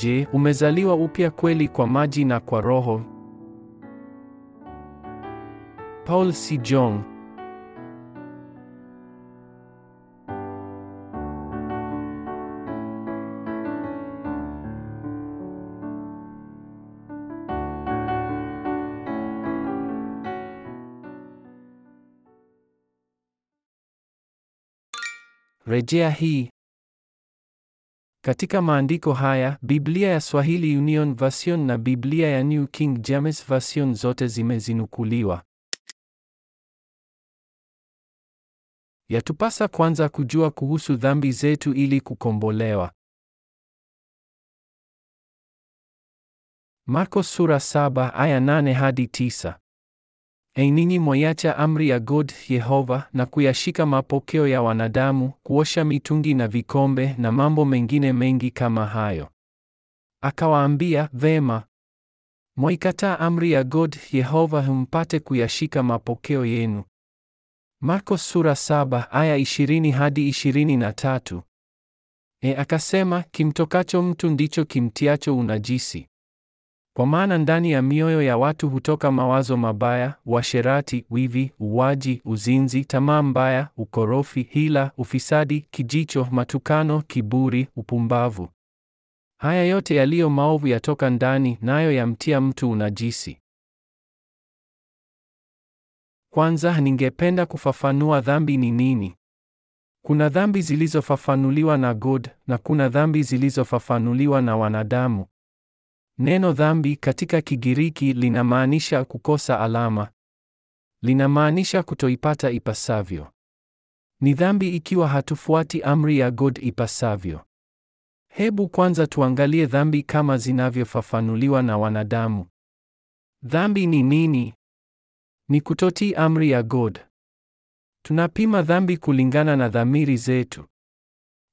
Je, umezaliwa upya kweli kwa maji na kwa Roho? Paul C. Jong. Rejea hii katika maandiko haya, Biblia ya Swahili Union Version na Biblia ya New King James Version zote zimezinukuliwa. Yatupasa kwanza kujua kuhusu dhambi zetu ili kukombolewa. Marko sura saba aya nane hadi tisa. Einini mwaiacha amri ya God Yehova na kuyashika mapokeo ya wanadamu, kuosha mitungi na vikombe na mambo mengine mengi kama hayo. Akawaambia, vema, mwaikataa amri ya God Yehova mpate kuyashika mapokeo yenu. Marko sura saba aya ishirini hadi ishirini na tatu. E, akasema kimtokacho mtu ndicho kimtiacho unajisi. Kwa maana ndani ya mioyo ya watu hutoka mawazo mabaya, uasherati, wivi, uwaji, uzinzi, tamaa mbaya, ukorofi, hila, ufisadi, kijicho, matukano, kiburi, upumbavu. Haya yote yaliyo maovu yatoka ndani, nayo yamtia mtu unajisi. Kwanza ningependa kufafanua dhambi ni nini. Kuna dhambi zilizofafanuliwa na God na kuna dhambi zilizofafanuliwa na wanadamu. Neno dhambi katika Kigiriki linamaanisha kukosa alama. Linamaanisha kutoipata ipasavyo. Ni dhambi ikiwa hatufuati amri ya God ipasavyo. Hebu kwanza tuangalie dhambi kama zinavyofafanuliwa na wanadamu. Dhambi ni nini? Ni kutotii amri ya God. Tunapima dhambi kulingana na dhamiri zetu.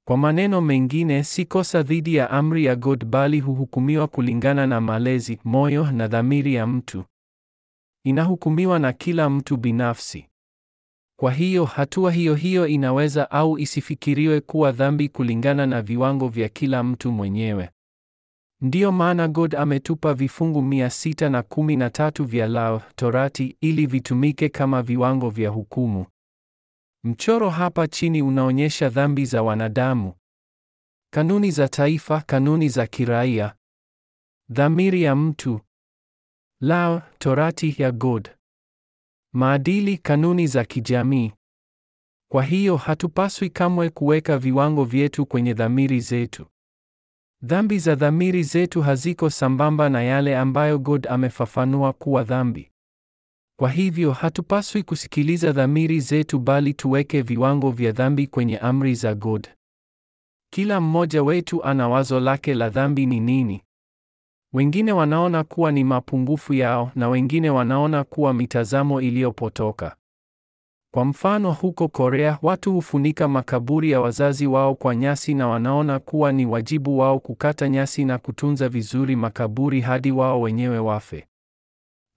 Kwa maneno mengine, si kosa dhidi ya amri ya God bali huhukumiwa kulingana na malezi, moyo na dhamiri ya mtu. Inahukumiwa na kila mtu binafsi. Kwa hiyo hatua hiyo hiyo inaweza au isifikiriwe kuwa dhambi kulingana na viwango vya kila mtu mwenyewe. Ndiyo maana God ametupa vifungu 613 vya Law, Torati ili vitumike kama viwango vya hukumu. Mchoro hapa chini unaonyesha dhambi za wanadamu. Kanuni za taifa, kanuni za kiraia. Dhamiri ya mtu. Law, torati ya God. Maadili, kanuni za kijamii. Kwa hiyo hatupaswi kamwe kuweka viwango vyetu kwenye dhamiri zetu. Dhambi za dhamiri zetu haziko sambamba na yale ambayo God amefafanua kuwa dhambi. Kwa hivyo hatupaswi kusikiliza dhamiri zetu bali tuweke viwango vya dhambi kwenye amri za God. Kila mmoja wetu ana wazo lake la dhambi ni nini. Wengine wanaona kuwa ni mapungufu yao na wengine wanaona kuwa mitazamo iliyopotoka. Kwa mfano, huko Korea watu hufunika makaburi ya wazazi wao kwa nyasi na wanaona kuwa ni wajibu wao kukata nyasi na kutunza vizuri makaburi hadi wao wenyewe wafe.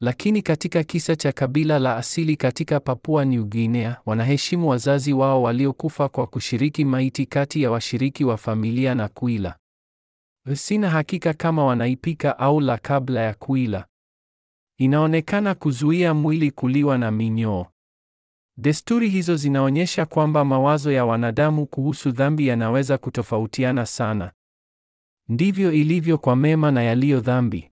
Lakini katika kisa cha kabila la asili katika Papua New Guinea, wanaheshimu wazazi wao waliokufa kwa kushiriki maiti kati ya washiriki wa familia na kuila. Sina hakika kama wanaipika au la kabla ya kuila. Inaonekana kuzuia mwili kuliwa na minyoo. Desturi hizo zinaonyesha kwamba mawazo ya wanadamu kuhusu dhambi yanaweza kutofautiana sana. Ndivyo ilivyo kwa mema na yaliyo dhambi.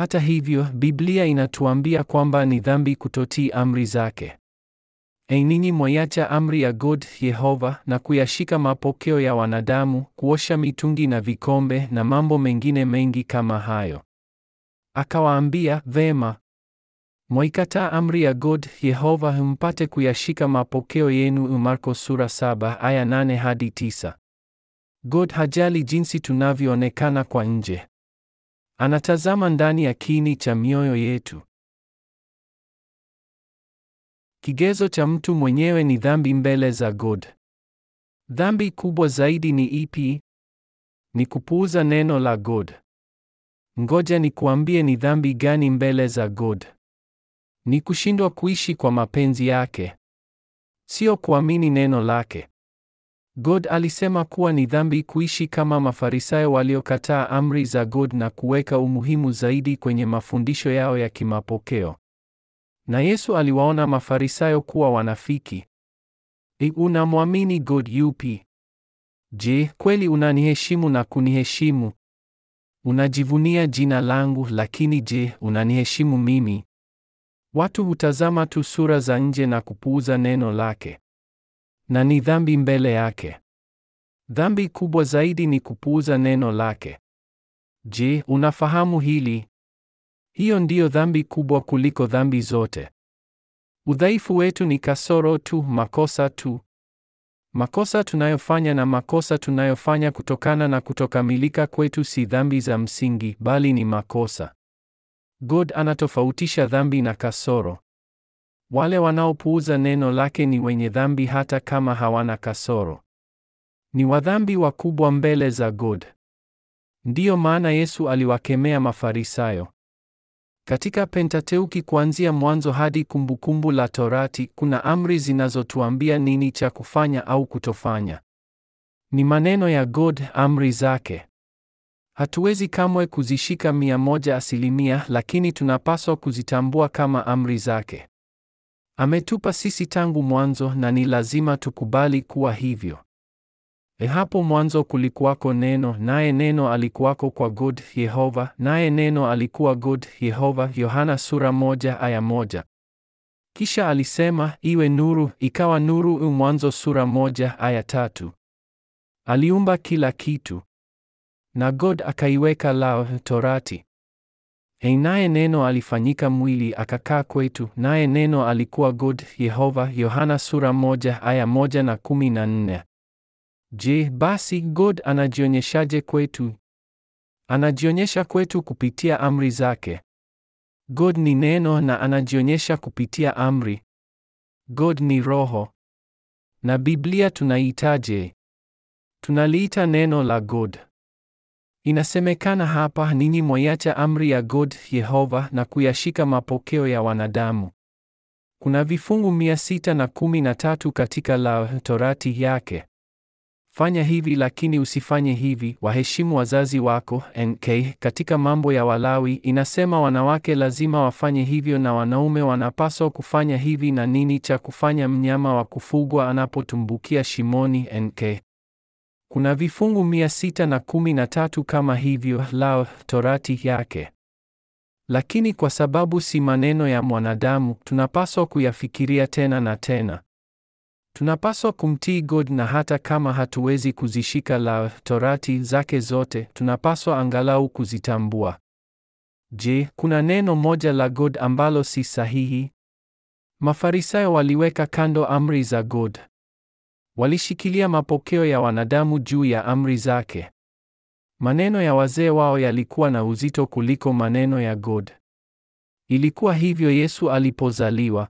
Hata hivyo, Biblia inatuambia kwamba ni dhambi kutotii amri zake. Ei, ninyi amri ya God Yehova na kuyashika mapokeo ya wanadamu, kuosha mitungi na vikombe na mambo mengine mengi kama hayo. Akawaambia, vema, mwaikataa amri ya God Yehova mpate kuyashika mapokeo yenu. Marko sura saba aya nane hadi tisa. God hajali jinsi tunavyoonekana kwa nje. Anatazama ndani ya kini cha mioyo yetu. Kigezo cha mtu mwenyewe ni dhambi mbele za God. Dhambi kubwa zaidi ni ipi? Ni kupuuza neno la God. Ngoja nikuambie ni dhambi gani mbele za God. Ni kushindwa kuishi kwa mapenzi yake. Sio kuamini neno lake. God alisema kuwa ni dhambi kuishi kama Mafarisayo waliokataa amri za God na kuweka umuhimu zaidi kwenye mafundisho yao ya kimapokeo. Na Yesu aliwaona Mafarisayo kuwa wanafiki. E, unamwamini God yupi? Je, kweli unaniheshimu na kuniheshimu? Unajivunia jina langu, lakini je, unaniheshimu mimi? Watu hutazama tu sura za nje na kupuuza neno lake na ni dhambi mbele yake. Dhambi kubwa zaidi ni kupuuza neno lake. Je, unafahamu hili? Hiyo ndiyo dhambi kubwa kuliko dhambi zote. Udhaifu wetu ni kasoro tu, makosa tu. Makosa tunayofanya na makosa tunayofanya kutokana na kutokamilika kwetu si dhambi za msingi, bali ni makosa. God anatofautisha dhambi na kasoro. Wale wanaopuuza neno lake ni wenye dhambi hata kama hawana kasoro. Ni wadhambi wakubwa mbele za God. Ndiyo maana Yesu aliwakemea Mafarisayo. Katika Pentateuki kuanzia Mwanzo hadi Kumbukumbu la Torati kuna amri zinazotuambia nini cha kufanya au kutofanya. Ni maneno ya God, amri zake. Hatuwezi kamwe kuzishika mia moja asilimia, lakini tunapaswa kuzitambua kama amri zake ametupa sisi tangu mwanzo na ni lazima tukubali kuwa hivyo. E, hapo mwanzo kulikuwako neno, naye neno alikuwako kwa God Yehova, naye neno alikuwa God Yehova. Yohana sura moja aya moja. Kisha alisema iwe nuru, ikawa nuru. Mwanzo sura moja aya tatu. Aliumba kila kitu na God akaiweka lao Torati. Hei, naye neno alifanyika mwili akakaa kwetu, naye neno alikuwa God Yehova. Yohana sura moja aya moja na kumi na nne. Je, basi God anajionyeshaje kwetu? Anajionyesha kwetu kupitia amri zake. God ni neno na anajionyesha kupitia amri. God ni roho. Na Biblia tunaitaje? Tunaliita neno la God. Inasemekana hapa, ninyi mwaiacha amri ya God Yehova na kuyashika mapokeo ya wanadamu. Kuna vifungu mia sita na kumi na tatu katika la Torati yake. Fanya hivi lakini usifanye hivi, waheshimu wazazi wako. NK katika mambo ya Walawi inasema wanawake lazima wafanye hivyo na wanaume wanapaswa kufanya hivi na nini cha kufanya mnyama wa kufugwa anapotumbukia shimoni. NK kuna vifungu mia sita na kumi na tatu kama hivyo lao torati yake. Lakini kwa sababu si maneno ya mwanadamu, tunapaswa kuyafikiria tena na tena. Tunapaswa kumtii God na hata kama hatuwezi kuzishika la torati zake zote, tunapaswa angalau kuzitambua. Je, kuna neno moja la God ambalo si sahihi? Mafarisayo waliweka kando amri za God Walishikilia mapokeo ya wanadamu juu ya amri zake. Maneno ya wazee wao yalikuwa na uzito kuliko maneno ya God. Ilikuwa hivyo Yesu alipozaliwa.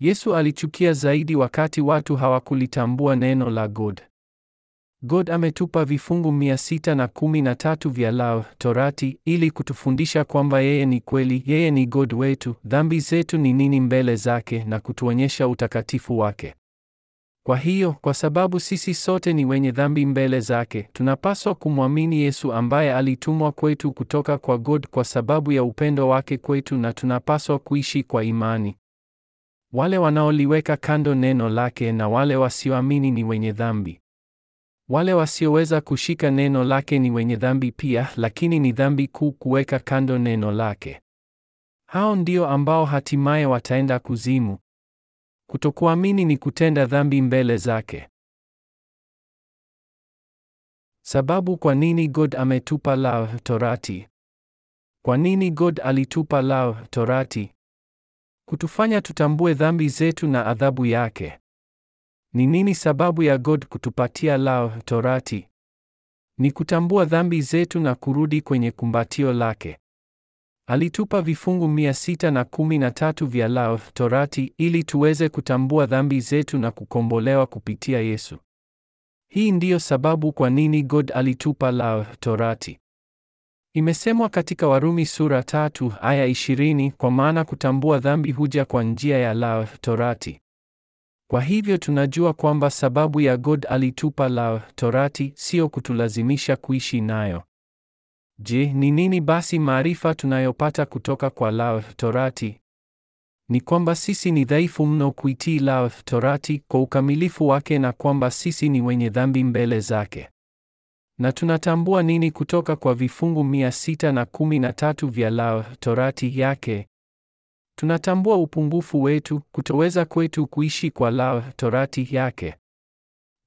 Yesu alichukia zaidi wakati watu hawakulitambua neno la God. God ametupa vifungu 613 sita na kumi na tatu vya Law, Torati, ili kutufundisha kwamba yeye ni kweli, yeye ni God wetu, dhambi zetu ni nini mbele zake na kutuonyesha utakatifu wake. Kwa hiyo, kwa sababu sisi sote ni wenye dhambi mbele zake, tunapaswa kumwamini Yesu ambaye alitumwa kwetu kutoka kwa God kwa sababu ya upendo wake kwetu na tunapaswa kuishi kwa imani. Wale wanaoliweka kando neno lake na wale wasioamini ni wenye dhambi. Wale wasioweza kushika neno lake ni wenye dhambi pia, lakini ni dhambi kuu kuweka kando neno lake. Hao ndio ambao hatimaye wataenda kuzimu. Kutokuamini ni kutenda dhambi mbele zake. Sababu kwa nini God ametupa law Torati? Kwa nini God alitupa law Torati? Kutufanya tutambue dhambi zetu na adhabu yake. Ni nini sababu ya God kutupatia law Torati? Ni kutambua dhambi zetu na kurudi kwenye kumbatio lake. Alitupa vifungu 613 sita na kumi na tatu vya lao Torati ili tuweze kutambua dhambi zetu na kukombolewa kupitia Yesu. Hii ndiyo sababu kwa nini God alitupa lao Torati. Imesemwa katika Warumi sura tatu aya ishirini kwa maana kutambua dhambi huja kwa njia ya lao Torati. Kwa hivyo tunajua kwamba sababu ya God alitupa lao Torati sio kutulazimisha kuishi nayo. Je, ni nini basi maarifa tunayopata kutoka kwa la Torati? Ni kwamba sisi ni dhaifu mno kuitii la Torati kwa ukamilifu wake na kwamba sisi ni wenye dhambi mbele zake. Na tunatambua nini kutoka kwa vifungu 613 sita na kumi na tatu vya la Torati yake? Tunatambua upungufu wetu, kutoweza kwetu kuishi kwa la Torati yake.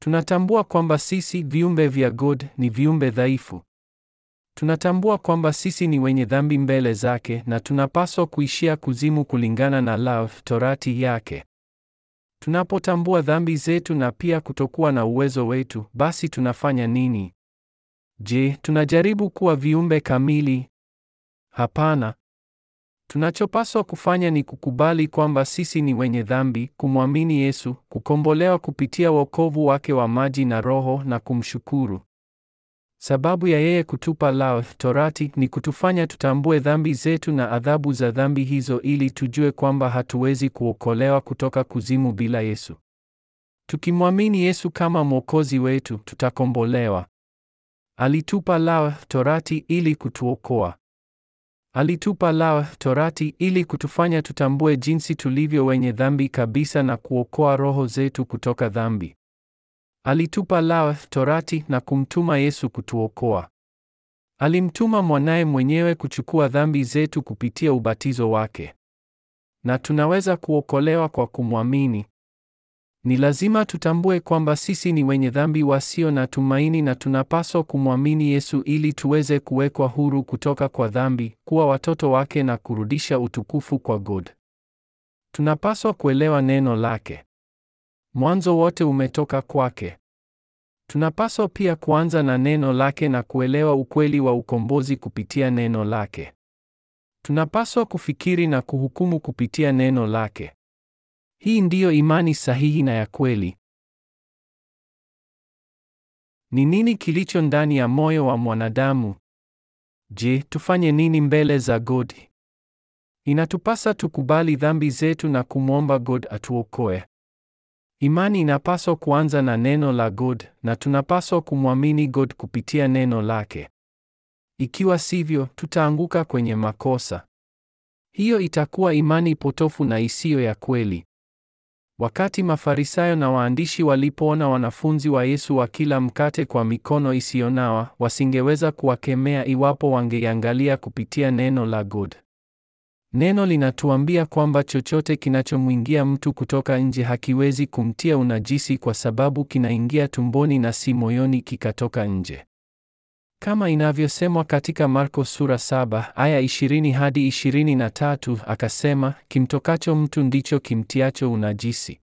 Tunatambua kwamba sisi viumbe vya God ni viumbe dhaifu. Tunatambua kwamba sisi ni wenye dhambi mbele zake na tunapaswa kuishia kuzimu kulingana na love torati yake. Tunapotambua dhambi zetu na pia kutokuwa na uwezo wetu, basi tunafanya nini? Je, tunajaribu kuwa viumbe kamili? Hapana. Tunachopaswa kufanya ni kukubali kwamba sisi ni wenye dhambi, kumwamini Yesu, kukombolewa kupitia wokovu wake wa maji na Roho na kumshukuru. Sababu ya yeye kutupa lao torati ni kutufanya tutambue dhambi zetu na adhabu za dhambi hizo, ili tujue kwamba hatuwezi kuokolewa kutoka kuzimu bila Yesu. Tukimwamini Yesu kama mwokozi wetu, tutakombolewa. Alitupa lao torati ili kutuokoa. Alitupa lao torati ili kutufanya tutambue jinsi tulivyo wenye dhambi kabisa na kuokoa roho zetu kutoka dhambi. Alitupa la Torati na kumtuma Yesu kutuokoa. Alimtuma mwanaye mwenyewe kuchukua dhambi zetu kupitia ubatizo wake. Na tunaweza kuokolewa kwa kumwamini. Ni lazima tutambue kwamba sisi ni wenye dhambi wasio na tumaini na tunapaswa kumwamini Yesu ili tuweze kuwekwa huru kutoka kwa dhambi, kuwa watoto wake na kurudisha utukufu kwa God. Tunapaswa kuelewa neno lake. Mwanzo wote umetoka kwake. Tunapaswa pia kuanza na neno lake na kuelewa ukweli wa ukombozi kupitia neno lake. Tunapaswa kufikiri na kuhukumu kupitia neno lake. Hii ndiyo imani sahihi na ya kweli. Ni nini kilicho ndani ya moyo wa mwanadamu? Je, tufanye nini mbele za God? Inatupasa tukubali dhambi zetu na kumwomba God atuokoe. Imani inapaswa kuanza na neno la God na tunapaswa kumwamini God kupitia neno lake. Ikiwa sivyo, tutaanguka kwenye makosa. Hiyo itakuwa imani potofu na isiyo ya kweli. Wakati Mafarisayo na waandishi walipoona wanafunzi wa Yesu wakila mkate kwa mikono isiyonawa, wasingeweza kuwakemea iwapo wangeiangalia kupitia neno la God. Neno linatuambia kwamba chochote kinachomwingia mtu kutoka nje hakiwezi kumtia unajisi kwa sababu kinaingia tumboni na si moyoni kikatoka nje. Kama inavyosemwa katika Marko sura 7 aya 20 hadi 23, akasema, kimtokacho mtu ndicho kimtiacho unajisi.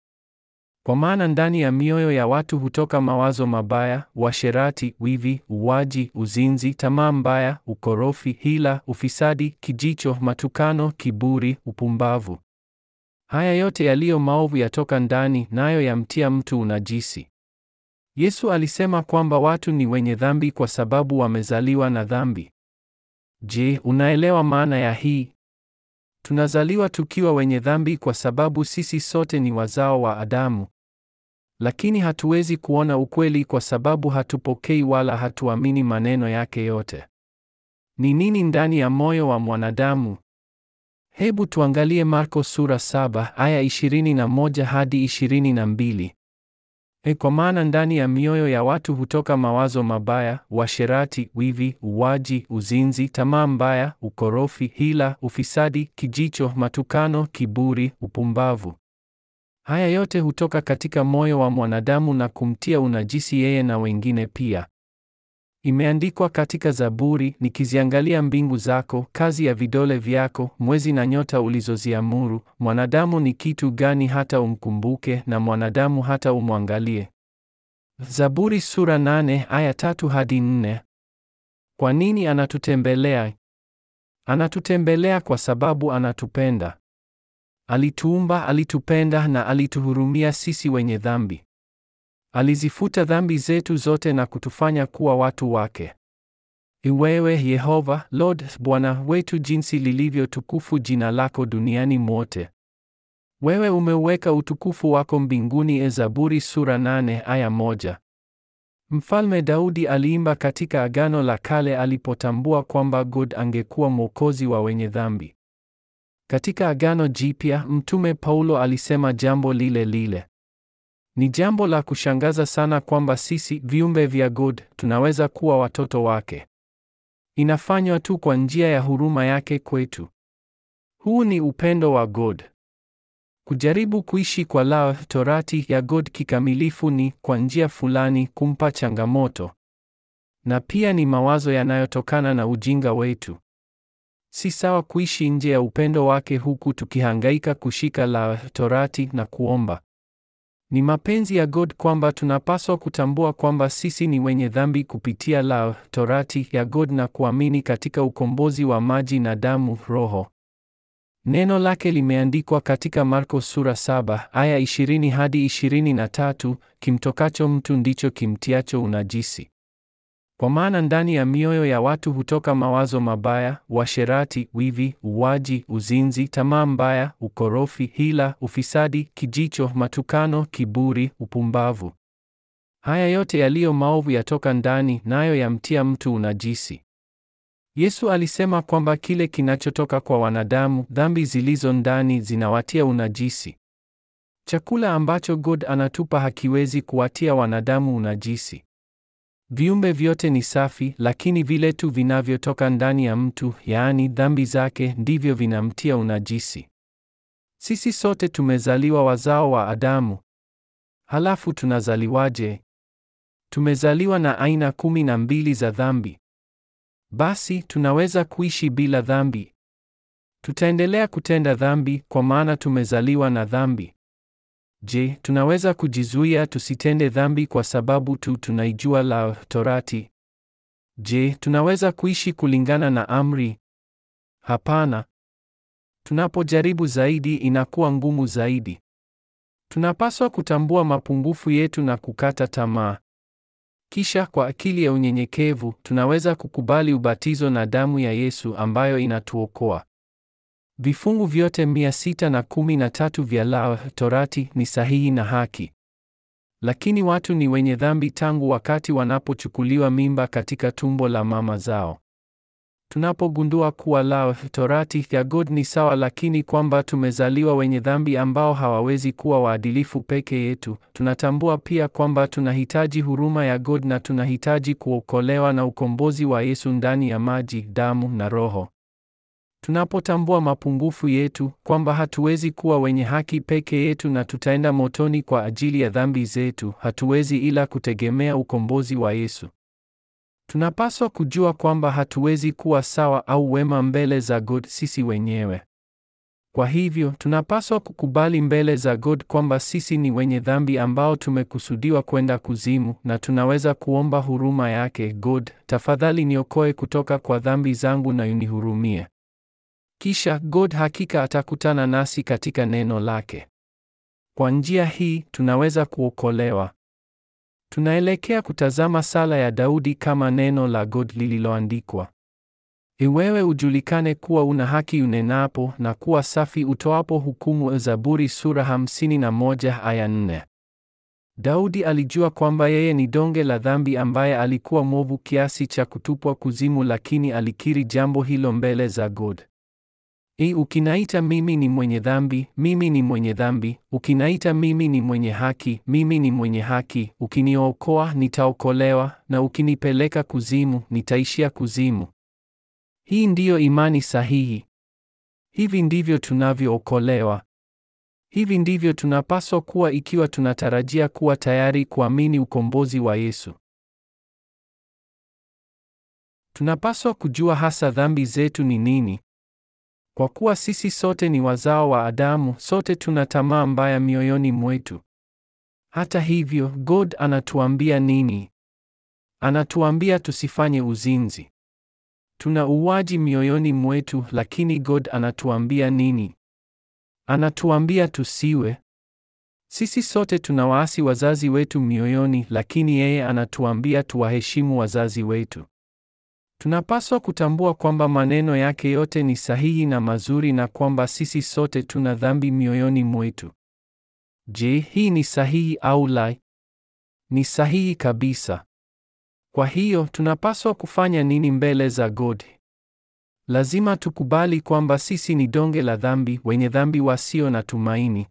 Kwa maana ndani ya mioyo ya watu hutoka mawazo mabaya, uasherati, wivi, uwaji, uzinzi, tamaa mbaya, ukorofi, hila, ufisadi, kijicho, matukano, kiburi, upumbavu. Haya yote yaliyo maovu yatoka ndani, nayo yamtia mtu unajisi. Yesu alisema kwamba watu ni wenye dhambi kwa sababu wamezaliwa na dhambi. Je, unaelewa maana ya hii? Tunazaliwa tukiwa wenye dhambi kwa sababu sisi sote ni wazao wa Adamu lakini hatuwezi kuona ukweli kwa sababu hatupokei wala hatuamini maneno yake yote. Ni nini ndani ya moyo wa mwanadamu? Hebu tuangalie Marko sura 7 aya 21 hadi 22. E, kwa maana ndani ya mioyo ya watu hutoka mawazo mabaya, uasherati, wivi, uwaji, uzinzi, tamaa mbaya, ukorofi, hila, ufisadi, kijicho, matukano, kiburi, upumbavu. Haya yote hutoka katika moyo wa mwanadamu na kumtia unajisi yeye na wengine pia. Imeandikwa katika Zaburi, nikiziangalia mbingu zako, kazi ya vidole vyako, mwezi na nyota ulizoziamuru, mwanadamu ni kitu gani hata umkumbuke, na mwanadamu hata umwangalie? Zaburi sura nane aya tatu hadi nne. Kwa nini anatutembelea? Anatutembelea kwa sababu anatupenda. Alituumba, alitupenda na alituhurumia sisi wenye dhambi. Alizifuta dhambi zetu zote na kutufanya kuwa watu wake. Iwewe Yehova Lord Bwana wetu, jinsi lilivyo tukufu jina lako duniani mwote! Wewe umeuweka utukufu wako mbinguni. Ezaburi sura nane aya moja. Mfalme Daudi aliimba katika Agano la Kale alipotambua kwamba God angekuwa mwokozi wa wenye dhambi. Katika Agano Jipya, Mtume Paulo alisema jambo lile lile. Ni jambo la kushangaza sana kwamba sisi viumbe vya God tunaweza kuwa watoto wake. Inafanywa tu kwa njia ya huruma yake kwetu. Huu ni upendo wa God. Kujaribu kuishi kwa lao torati ya God kikamilifu ni kwa njia fulani kumpa changamoto. Na pia ni mawazo yanayotokana na ujinga wetu. Si sawa kuishi nje ya upendo wake huku tukihangaika kushika la Torati na kuomba. Ni mapenzi ya God kwamba tunapaswa kutambua kwamba sisi ni wenye dhambi kupitia la Torati ya God na kuamini katika ukombozi wa maji na damu roho. Neno lake limeandikwa katika Marko sura saba aya 20 hadi 23, kimtokacho mtu ndicho kimtiacho unajisi. Kwa maana ndani ya mioyo ya watu hutoka mawazo mabaya, uasherati, wivi, uwaji, uzinzi, tamaa mbaya, ukorofi, hila, ufisadi, kijicho, matukano, kiburi, upumbavu. Haya yote yaliyo maovu yatoka ndani, nayo yamtia mtu unajisi. Yesu alisema kwamba kile kinachotoka kwa wanadamu, dhambi zilizo ndani zinawatia unajisi. Chakula ambacho God anatupa hakiwezi kuwatia wanadamu unajisi. Viumbe vyote ni safi, lakini vile tu vinavyotoka ndani ya mtu, yaani dhambi zake, ndivyo vinamtia unajisi. Sisi sote tumezaliwa wazao wa Adamu. Halafu tunazaliwaje? Tumezaliwa na aina kumi na mbili za dhambi. Basi tunaweza kuishi bila dhambi? Tutaendelea kutenda dhambi kwa maana tumezaliwa na dhambi. Je, tunaweza kujizuia tusitende dhambi kwa sababu tu tunaijua la Torati? Je, tunaweza kuishi kulingana na amri? Hapana. Tunapojaribu zaidi inakuwa ngumu zaidi. Tunapaswa kutambua mapungufu yetu na kukata tamaa. Kisha kwa akili ya unyenyekevu tunaweza kukubali ubatizo na damu ya Yesu ambayo inatuokoa. Vifungu vyote 613 vya la Torati ni sahihi na haki. Lakini watu ni wenye dhambi tangu wakati wanapochukuliwa mimba katika tumbo la mama zao. Tunapogundua kuwa la Torati ya God ni sawa, lakini kwamba tumezaliwa wenye dhambi ambao hawawezi kuwa waadilifu peke yetu, tunatambua pia kwamba tunahitaji huruma ya God na tunahitaji kuokolewa na ukombozi wa Yesu ndani ya maji, damu na Roho. Tunapotambua mapungufu yetu, kwamba hatuwezi kuwa wenye haki peke yetu na tutaenda motoni kwa ajili ya dhambi zetu, hatuwezi ila kutegemea ukombozi wa Yesu. Tunapaswa kujua kwamba hatuwezi kuwa sawa au wema mbele za God sisi wenyewe. Kwa hivyo, tunapaswa kukubali mbele za God kwamba sisi ni wenye dhambi ambao tumekusudiwa kwenda kuzimu na tunaweza kuomba huruma yake, God, tafadhali niokoe kutoka kwa dhambi zangu na unihurumie. Kisha God hakika atakutana nasi katika neno lake. Kwa njia hii tunaweza kuokolewa. Tunaelekea kutazama sala ya Daudi kama neno la God lililoandikwa. Iwewe e ujulikane kuwa una haki unenapo na kuwa safi utoapo hukumu. Zaburi sura 51 aya 4. Daudi alijua kwamba yeye ni donge la dhambi ambaye alikuwa mwovu kiasi cha kutupwa kuzimu, lakini alikiri jambo hilo mbele za God. Hii ukinaita mimi ni mwenye dhambi, mimi ni mwenye dhambi, ukinaita mimi ni mwenye haki, mimi ni mwenye haki, ukiniokoa nitaokolewa, na ukinipeleka kuzimu nitaishia kuzimu. Hii ndiyo imani sahihi. Hivi ndivyo tunavyookolewa. Hivi ndivyo tunapaswa kuwa ikiwa tunatarajia kuwa tayari kuamini ukombozi wa Yesu. Tunapaswa kujua hasa dhambi zetu ni nini. Kwa kuwa sisi sote ni wazao wa Adamu, sote tuna tamaa mbaya mioyoni mwetu. Hata hivyo, God anatuambia nini? Anatuambia tusifanye uzinzi. Tuna uwaji mioyoni mwetu, lakini God anatuambia nini? Anatuambia tusiwe. Sisi sote tunawaasi wazazi wetu mioyoni, lakini yeye anatuambia tuwaheshimu wazazi wetu. Tunapaswa kutambua kwamba maneno yake yote ni sahihi na mazuri na kwamba sisi sote tuna dhambi mioyoni mwetu. Je, hii ni sahihi au la? Ni sahihi kabisa. Kwa hiyo tunapaswa kufanya nini mbele za God? Lazima tukubali kwamba sisi ni donge la dhambi, wenye dhambi wasio na tumaini.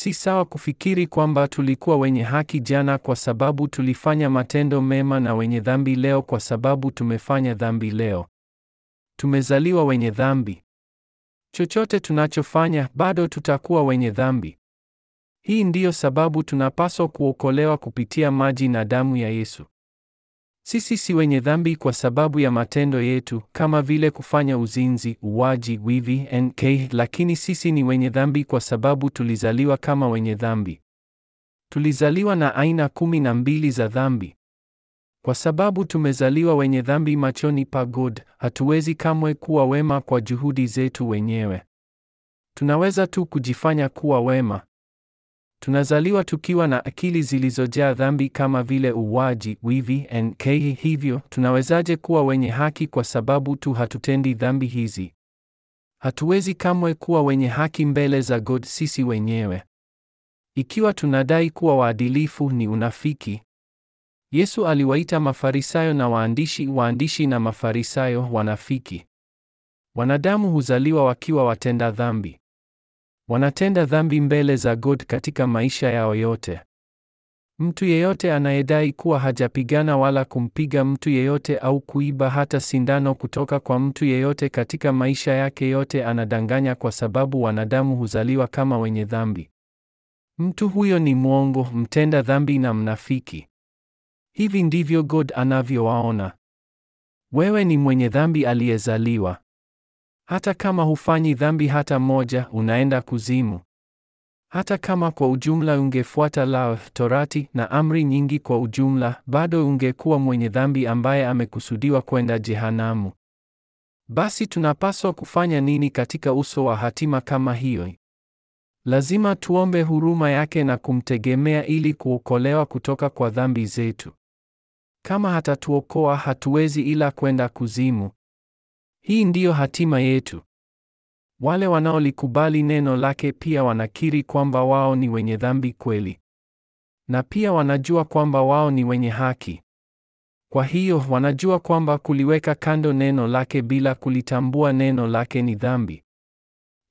Si sawa kufikiri kwamba tulikuwa wenye haki jana kwa sababu tulifanya matendo mema na wenye dhambi leo kwa sababu tumefanya dhambi leo. Tumezaliwa wenye dhambi. Chochote tunachofanya bado tutakuwa wenye dhambi. Hii ndiyo sababu tunapaswa kuokolewa kupitia maji na damu ya Yesu. Sisi si wenye dhambi kwa sababu ya matendo yetu, kama vile kufanya uzinzi, uwaji, wivi, nk, lakini sisi ni wenye dhambi kwa sababu tulizaliwa kama wenye dhambi. Tulizaliwa na aina kumi na mbili za dhambi. Kwa sababu tumezaliwa wenye dhambi machoni pa God, hatuwezi kamwe kuwa wema kwa juhudi zetu wenyewe. Tunaweza tu kujifanya kuwa wema. Tunazaliwa tukiwa na akili zilizojaa dhambi kama vile uwaji, wivi, nk. Hivyo tunawezaje kuwa wenye haki kwa sababu tu hatutendi dhambi hizi? Hatuwezi kamwe kuwa wenye haki mbele za God sisi wenyewe. Ikiwa tunadai kuwa waadilifu, ni unafiki. Yesu aliwaita Mafarisayo na waandishi, waandishi na Mafarisayo wanafiki. Wanadamu huzaliwa wakiwa watenda dhambi. Wanatenda dhambi mbele za God katika maisha yao yote. Mtu yeyote anayedai kuwa hajapigana wala kumpiga mtu yeyote au kuiba hata sindano kutoka kwa mtu yeyote katika maisha yake yote anadanganya kwa sababu wanadamu huzaliwa kama wenye dhambi. Mtu huyo ni mwongo, mtenda dhambi na mnafiki. Hivi ndivyo God anavyowaona. Wewe ni mwenye dhambi aliyezaliwa. Hata kama hufanyi dhambi hata moja, unaenda kuzimu. Hata kama kwa ujumla ungefuata la Torati na amri nyingi kwa ujumla, bado ungekuwa mwenye dhambi ambaye amekusudiwa kwenda jehanamu. Basi tunapaswa kufanya nini katika uso wa hatima kama hiyo? Lazima tuombe huruma yake na kumtegemea ili kuokolewa kutoka kwa dhambi zetu. Kama hatatuokoa, hatuwezi ila kwenda kuzimu. Hii ndiyo hatima yetu. Wale wanaolikubali neno lake pia wanakiri kwamba wao ni wenye dhambi kweli, na pia wanajua kwamba wao ni wenye haki. Kwa hiyo wanajua kwamba kuliweka kando neno lake bila kulitambua neno lake ni dhambi.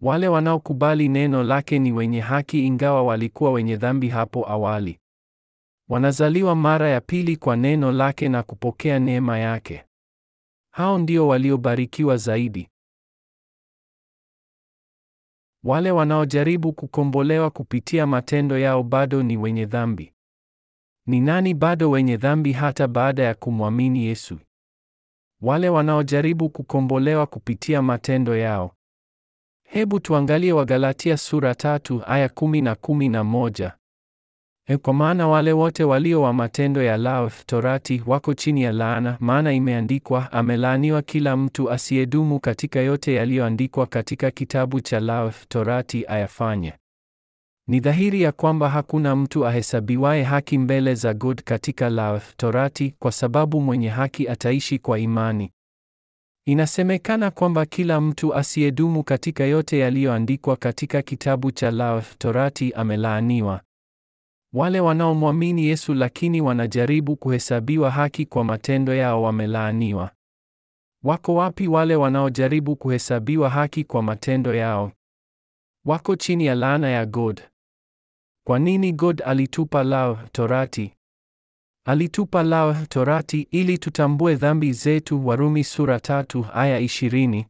Wale wanaokubali neno lake ni wenye haki ingawa walikuwa wenye dhambi hapo awali. Wanazaliwa mara ya pili kwa neno lake na kupokea neema yake. Hao ndio waliobarikiwa zaidi. Wale wanaojaribu kukombolewa kupitia matendo yao bado ni wenye dhambi. Ni nani bado wenye dhambi hata baada ya kumwamini Yesu? Wale wanaojaribu kukombolewa kupitia matendo yao. Hebu tuangalie Wagalatia sura tatu aya kumi na kumi na moja. E, kwa maana wale wote walio wa matendo ya lao torati wako chini ya laana, maana imeandikwa, amelaaniwa kila mtu asiyedumu katika yote yaliyoandikwa katika kitabu cha lao torati ayafanye. Ni dhahiri ya kwamba hakuna mtu ahesabiwaye haki mbele za God katika lao torati, kwa sababu mwenye haki ataishi kwa imani. Inasemekana kwamba kila mtu asiyedumu katika yote yaliyoandikwa katika kitabu cha law torati amelaaniwa. Wale wanaomwamini Yesu lakini wanajaribu kuhesabiwa haki kwa matendo yao wamelaaniwa. Wako wapi wale wanaojaribu kuhesabiwa haki kwa matendo yao? Wako chini ya laana ya God. Kwa nini God alitupa lao Torati? Alitupa lao Torati ili tutambue dhambi zetu, Warumi sura tatu aya ishirini.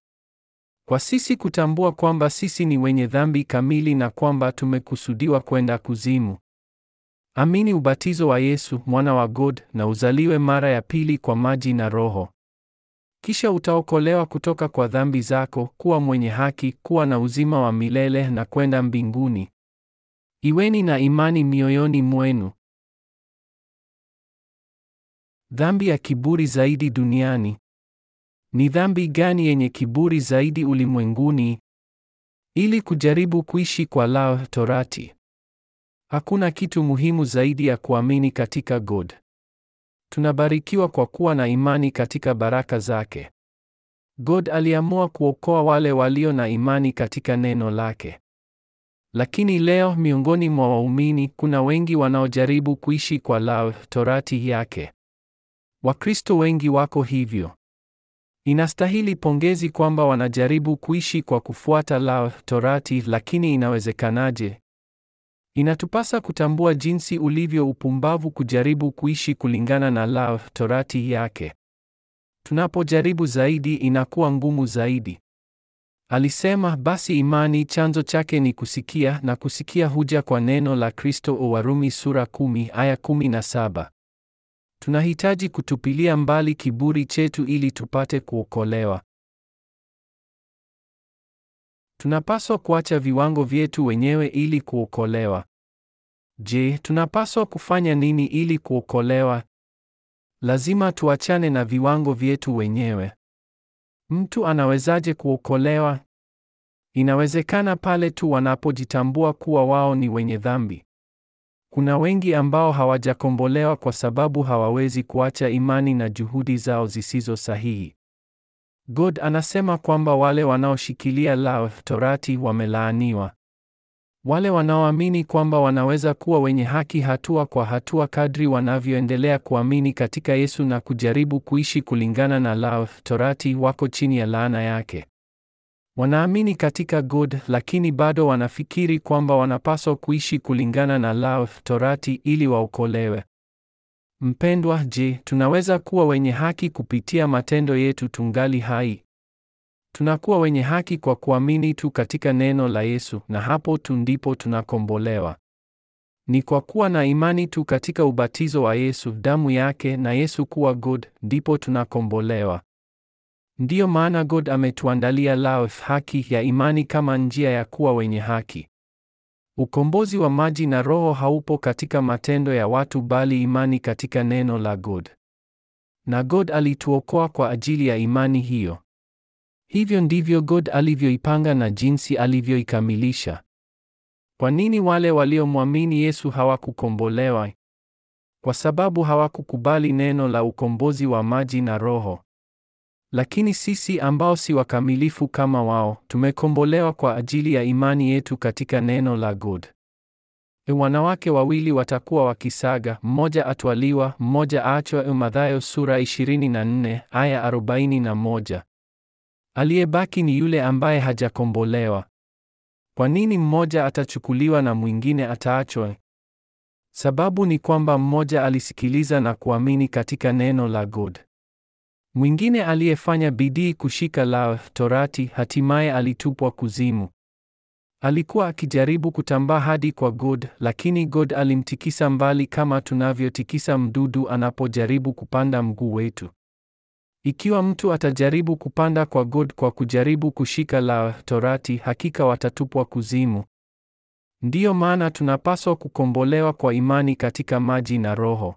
Kwa sisi kutambua kwamba sisi ni wenye dhambi kamili na kwamba tumekusudiwa kwenda kuzimu. Amini ubatizo wa Yesu mwana wa God na uzaliwe mara ya pili kwa maji na Roho. Kisha utaokolewa kutoka kwa dhambi zako, kuwa mwenye haki, kuwa na uzima wa milele na kwenda mbinguni. Iweni na imani mioyoni mwenu. Dhambi ya kiburi zaidi duniani. Ni dhambi gani yenye kiburi zaidi ulimwenguni? Ili kujaribu kuishi kwa lao torati. Hakuna kitu muhimu zaidi ya kuamini katika God. Tunabarikiwa kwa kuwa na imani katika baraka zake. God aliamua kuokoa wale walio na imani katika neno lake. Lakini leo miongoni mwa waumini kuna wengi wanaojaribu kuishi kwa la torati yake. Wakristo wengi wako hivyo. Inastahili pongezi kwamba wanajaribu kuishi kwa kufuata la torati, lakini inawezekanaje? Inatupasa kutambua jinsi ulivyo upumbavu kujaribu kuishi kulingana na la torati yake. Tunapojaribu zaidi, inakuwa ngumu zaidi. Alisema basi imani chanzo chake ni kusikia na kusikia huja kwa neno la Kristo, Warumi sura kumi aya 17. Tunahitaji kutupilia mbali kiburi chetu ili tupate kuokolewa. Tunapaswa kuacha viwango vyetu wenyewe ili kuokolewa. Je, tunapaswa kufanya nini ili kuokolewa? Lazima tuachane na viwango vyetu wenyewe. Mtu anawezaje kuokolewa? Inawezekana pale tu wanapojitambua kuwa wao ni wenye dhambi. Kuna wengi ambao hawajakombolewa kwa sababu hawawezi kuacha imani na juhudi zao zisizo sahihi. God anasema kwamba wale wanaoshikilia la Torati wamelaaniwa. Wale wanaoamini kwamba wanaweza kuwa wenye haki hatua kwa hatua kadri wanavyoendelea kuamini katika Yesu na kujaribu kuishi kulingana na law Torati wako chini ya laana yake. Wanaamini katika God lakini bado wanafikiri kwamba wanapaswa kuishi kulingana na law Torati ili waokolewe. Mpendwa, je, tunaweza kuwa wenye haki kupitia matendo yetu tungali hai? Tunakuwa wenye haki kwa kuamini tu katika neno la Yesu, na hapo tu ndipo tunakombolewa. Ni kwa kuwa na imani tu katika ubatizo wa Yesu, damu yake na Yesu kuwa God, ndipo tunakombolewa. Ndiyo maana God ametuandalia lao haki ya imani kama njia ya kuwa wenye haki. Ukombozi wa maji na Roho haupo katika matendo ya watu, bali imani katika neno la God. Na God alituokoa kwa ajili ya imani hiyo. Hivyo ndivyo God alivyoipanga na jinsi alivyoikamilisha. Kwa nini wale waliomwamini Yesu hawakukombolewa? Kwa sababu hawakukubali neno la ukombozi wa maji na Roho. Lakini sisi ambao si wakamilifu kama wao, tumekombolewa kwa ajili ya imani yetu katika neno la God. E, wanawake wawili watakuwa wakisaga, mmoja atwaliwa, mmoja aachwa Mathayo sura 24 aya 41. Aliyebaki ni yule ambaye hajakombolewa. Kwa nini mmoja atachukuliwa na mwingine ataachwa? Sababu ni kwamba mmoja alisikiliza na kuamini katika neno la God. Mwingine aliyefanya bidii kushika la Torati hatimaye alitupwa kuzimu. Alikuwa akijaribu kutambaa hadi kwa God, lakini God alimtikisa mbali kama tunavyotikisa mdudu anapojaribu kupanda mguu wetu. Ikiwa mtu atajaribu kupanda kwa God kwa kujaribu kushika la Torati, hakika watatupwa kuzimu. Ndiyo maana tunapaswa kukombolewa kwa imani katika maji na Roho.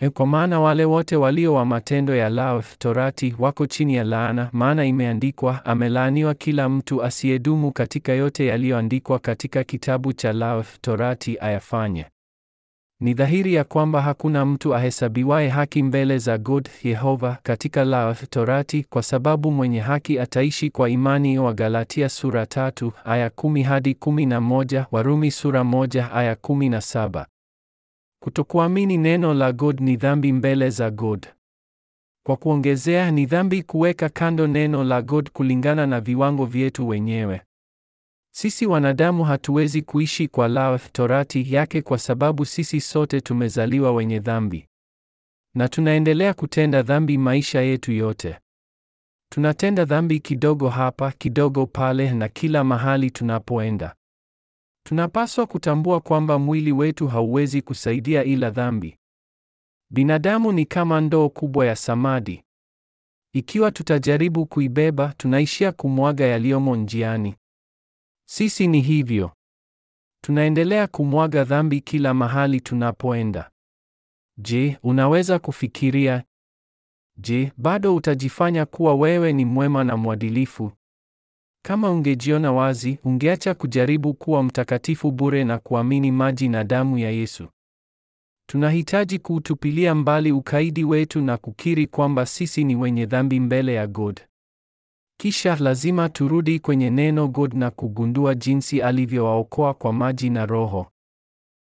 E, kwa maana wale wote walio wa matendo ya la Torati wako chini ya laana, maana imeandikwa, amelaaniwa kila mtu asiyedumu katika yote yaliyoandikwa katika kitabu cha la Torati ayafanye. Ni dhahiri ya kwamba hakuna mtu ahesabiwaye haki mbele za God Yehova katika la Torati kwa sababu mwenye haki ataishi kwa imani. Wa Galatia sura tatu aya kumi hadi kumi na moja, Warumi sura moja aya kumi na saba. Kutokuamini neno la God ni dhambi mbele za God. Kwa kuongezea, ni dhambi kuweka kando neno la God kulingana na viwango vyetu wenyewe. Sisi wanadamu hatuwezi kuishi kwa la torati yake kwa sababu sisi sote tumezaliwa wenye dhambi. Na tunaendelea kutenda dhambi maisha yetu yote. Tunatenda dhambi kidogo hapa, kidogo pale na kila mahali tunapoenda. Tunapaswa kutambua kwamba mwili wetu hauwezi kusaidia ila dhambi. Binadamu ni kama ndoo kubwa ya samadi. Ikiwa tutajaribu kuibeba, tunaishia kumwaga yaliyomo njiani. Sisi ni hivyo. Tunaendelea kumwaga dhambi kila mahali tunapoenda. Je, unaweza kufikiria? Je, bado utajifanya kuwa wewe ni mwema na mwadilifu? Kama ungejiona wazi, ungeacha kujaribu kuwa mtakatifu bure na kuamini maji na damu ya Yesu. Tunahitaji kuutupilia mbali ukaidi wetu na kukiri kwamba sisi ni wenye dhambi mbele ya God. Kisha lazima turudi kwenye neno God na kugundua jinsi alivyowaokoa kwa maji na Roho.